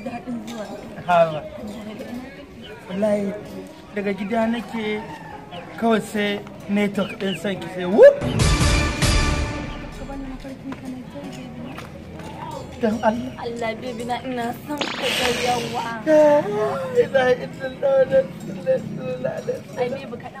daɗin zuwa wallahi daga gida nake kawai sai network ɗin son ki sai dan Allah Allah baby na ina son ka da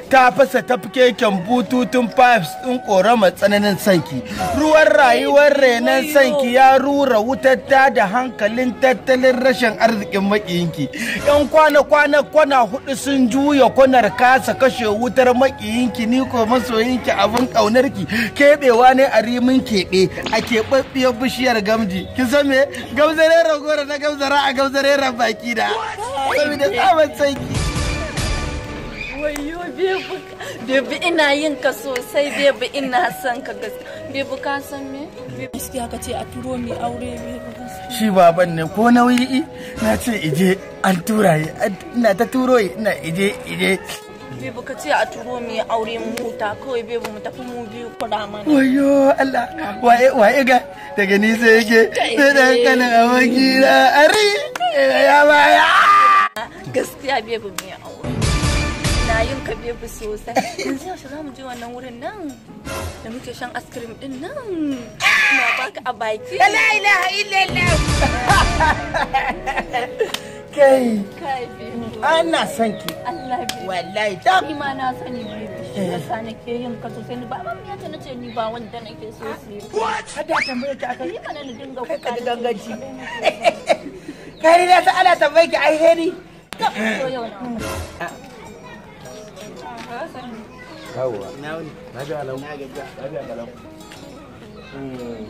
ta fasa keken bututun pipes ɗin ƙorama tsananin sanki ruwan rayuwar renon sanki ya rura wutar da hankalin tattalin rashin arzikin makiyinki yan kwana-kwana kwana hudu sun juya kwanar kasa kashe wutar makiyinki ni ko masoyinki abin ƙaunarki keɓewa ne a rimin keɓe a keɓaɓɓiyar bishiyar gamji ki san me gamzare ragora na gamzara a gamzare rabaki da sabida tsaban sanki wayo bebu bebu ina yin ka sosai bebu ina son ka gaskiya bebu ka san me gaskiya ka ce a turo mai aure bebu shi baban ne ko nauyi na ce ije an tura yi ina ta turo yi ina ije ije bebu ka ce a turo mai aure mu ta kawai bebu mu tafi mu biyu kuda mana wayo Allah waye waye ga daga ni sai yake sai da kana a na ari ya baya gaskiya bebu miya yin ka sosai yanzu yaushe za mu je wannan wurin nan da muke shan askirim din nan ina baka a baki la ilaha illallah kai kai ana son ki Allah wallahi ta ni ma na sani yasa nake yin ka sosai ni ba ya ta nace ni ba wanda nake so sai what hada tambaya dinga kuka gangaji kai ne ana tambaye ki ai heri ka so yau na hmm. yawwa na ji alau na ji alau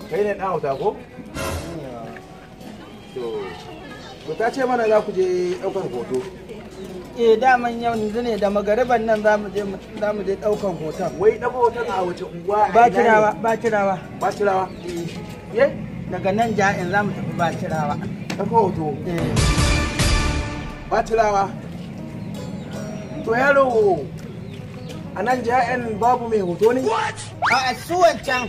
kai ne ɗan auta ko? to ta ce mana za ku je ɗaukar hoto eh da yau yanzu ne da magariban nan za mu je za mu je ɗaukan hoton wai ɗauka hoton a wace unguwa ba tirawa ba tirawa ba tirawa eh daga nan ja'in za mu tafi ba tirawa ɗauka hoto eh ba tirawa to yaro a nan babu mai hoto ne? a suwan can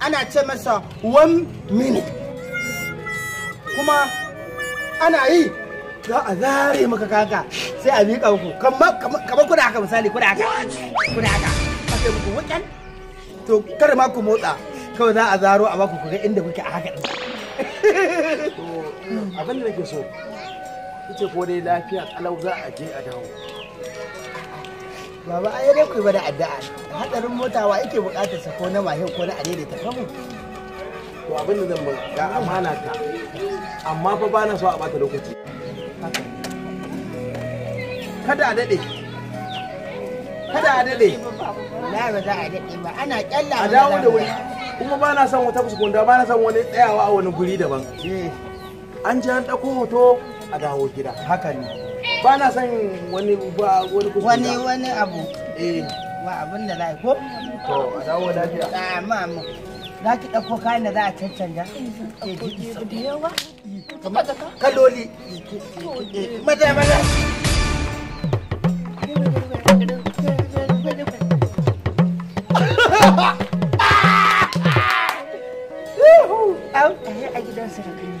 ana ce masa one minute kuma ana yi za a zare maka kaka sai a miƙa ku kamar kuna haka misali kuna haka kuna haka a sai muku wuƙen to kar ma ku motsa kawai za a zaro a baku kuga inda kuke a haka abin da nake so ita ko dai lafiya alau za a je a dawo Baba ai dai ku yi bada addu'a. Hadarin mota wa yake bukatar sa ko na mahin ko na adaidaita kamu. To abin da zan ga amana ta. Amma fa bana so a bata lokaci. Kada a dade. Kada a dade. Na ba za a dade ba ana kyalla. A dawo da wuri. Kuma ba na son wata fuskunda ba na son wani tsayawa a wani guri daban. Eh. An ji an ɗauko hoto a dawo gida. Haka ne. ba na son wani ba wani kuskure wani wani abu eh ba abin da lai ko to a dawo lafiya a mamu za ki ɗauko kayan da za a cancanta ke ji da yawa kaloli eh, eh, eh. maza maza a gidan sarakuni.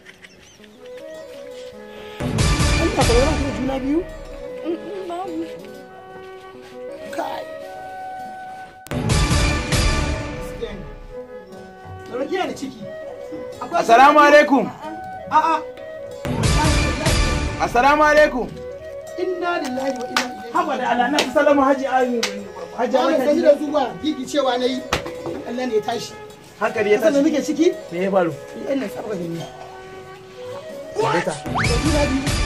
Ka kuma ba mm, mm, Assalamu alaikum. Assalamu alaikum. Inna lillahi wa inna ilaihi. Haba da Allah na sallama Haji Haji Ba da zuwa gigi cewa nayi. Allah ne ya tashi. Hankali ya tashi. Sannan muke ciki? Me ya faru? Ina da ni.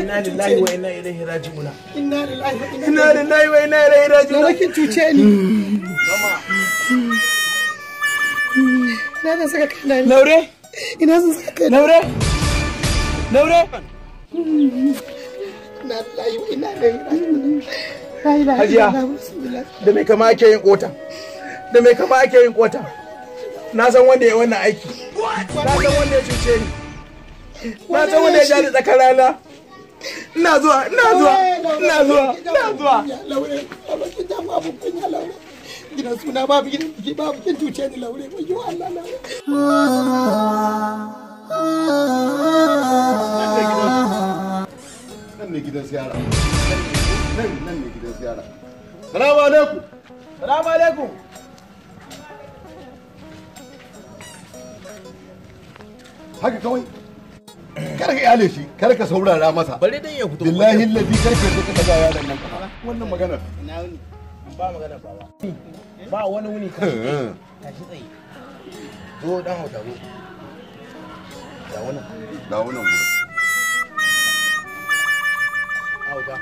inna lillahi wa inna ilaihi raji'un inna lillahi wa inna ilaihi raji'un da cuce ni ina zan saka kana Naure. ina zan saka kana laure laure inna lillahi wa inna ilaihi raji'un hajiya da mai kama ake yin kota da mai kama ake yin kota na san wanda ya wannan aiki na san wanda ya cuce ni na san wanda ya jari tsakar rana Na zuwa na zuwa na zuwa na zuwa kar ka yale shi kar ka saurara masa bari dan ya fito billahi ladhi kar ka daga yaron nan wannan magana ina wuni ba magana ba wani wuni ka eh, eh. tashi tsaye zo dan hauta da wannan da wannan gurin hauta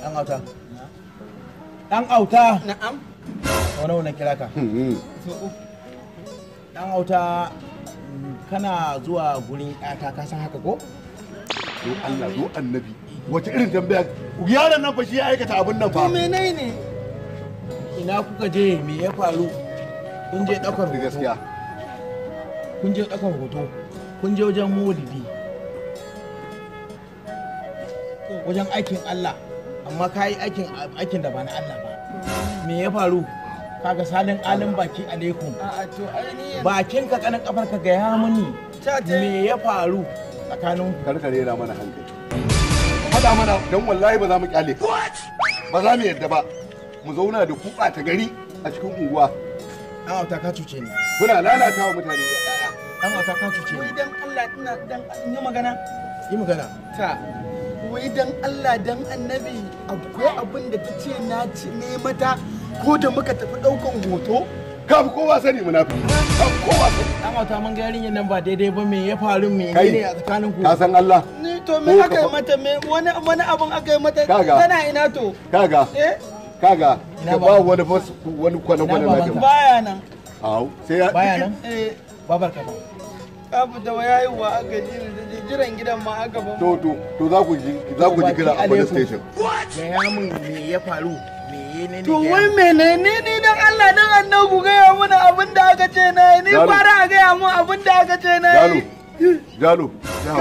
dan hauta dan hauta na'am wani wannan kira hmm, hmm. dan hauta kana zuwa gurin ƴata ka san haka ko do Allah do annabi wace irin tambaya yaron nan fa shi ya aikata abin nan fa to menene ina kuka je me ya faru kun je ɗaukar hoto gaskiya kun je ɗaukar hoto kun je wajen maulidi wajen aikin Allah amma ka yi aikin da ba na Allah ba me ya faru kaga salin alin baki alaikum bakin ka kanin kafar ka ga ya muni me ya faru tsakanin karkare na mana hankali hada mana dan wallahi ba za mu kyale ba za mu yadda ba mu zauna da kuɓa ta gari a cikin unguwa dan auta ka cuce ni kuna lalata wa mutane dan auta ka cuce ni dan Allah ina dan yi magana yi magana ta wai dan Allah dan annabi akwai abin da ta ce na ce ne mata ko da muka tafi ɗaukan hoto ka kowa sani munafiki ka fi kowa sani an wata mun ga yarinyar nan ba daidai ba me ya faru me ne a tsakanin ku ka san Allah ni to me aka yi mata me wani wani abun aka yi mata tana ina to kaga eh? kaga ka ba wani fas wani kwana kwana na ka baya nan Awo. sai ya baya nan eh babar ka ba abu da yi wa aka ji jiran gidan ma aka ba to to to za ku ji za ku ji kira a police station me ya mun me ya faru to wai menene ni dan Allah dan annabi ku gaya mana abin da aka ce na ni fara a gaya mun abin da aka ce na yi Jalo, ya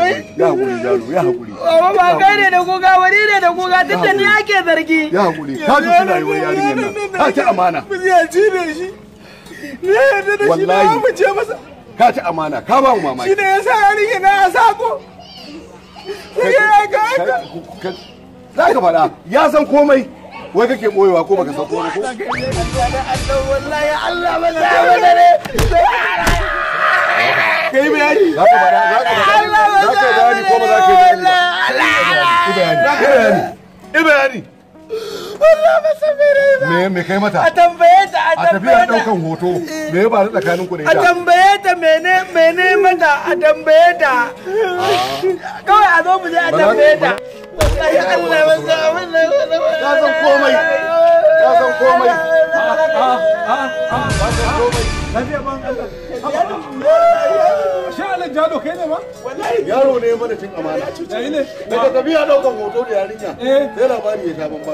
hakuri, Jalo, ya hakuri. Amma ba kai ne da kuka, wani ne da kuka, duk da ni ake zargi. Ya hakuri, ka ji suna yi wa yarinyar nan, ka ci amana. Ku ne shi, ne yadda da shi na ce masa. Ka ci amana, ka ba mu mamaki. Shi ne ya sa ke na a sako. ka ya ga Za ka faɗa, ya san komai. wai kake boyewa ko baka sako ko Allah wallahi Allah bana da ne kai bayani za ka bada za ka bada za ka bayani ko ba za ka yi Allah Allah bayani bayani Allah masa san Me me kai mata? A tambaye ta a tambaye ta. A daukan hoto. Me ba da tsakanin ku da ita? A tambaye ta mene mata a tambaye ta. Kawai a zo mu je a tambaye ta. Allah Ka san komai. Ka san komai. Ka san komai. kai ne Wallahi yaro ne mana cin amana. ne. Daga tafiya daukan hoto da yarinya. Eh. Sai labari ya ban ba.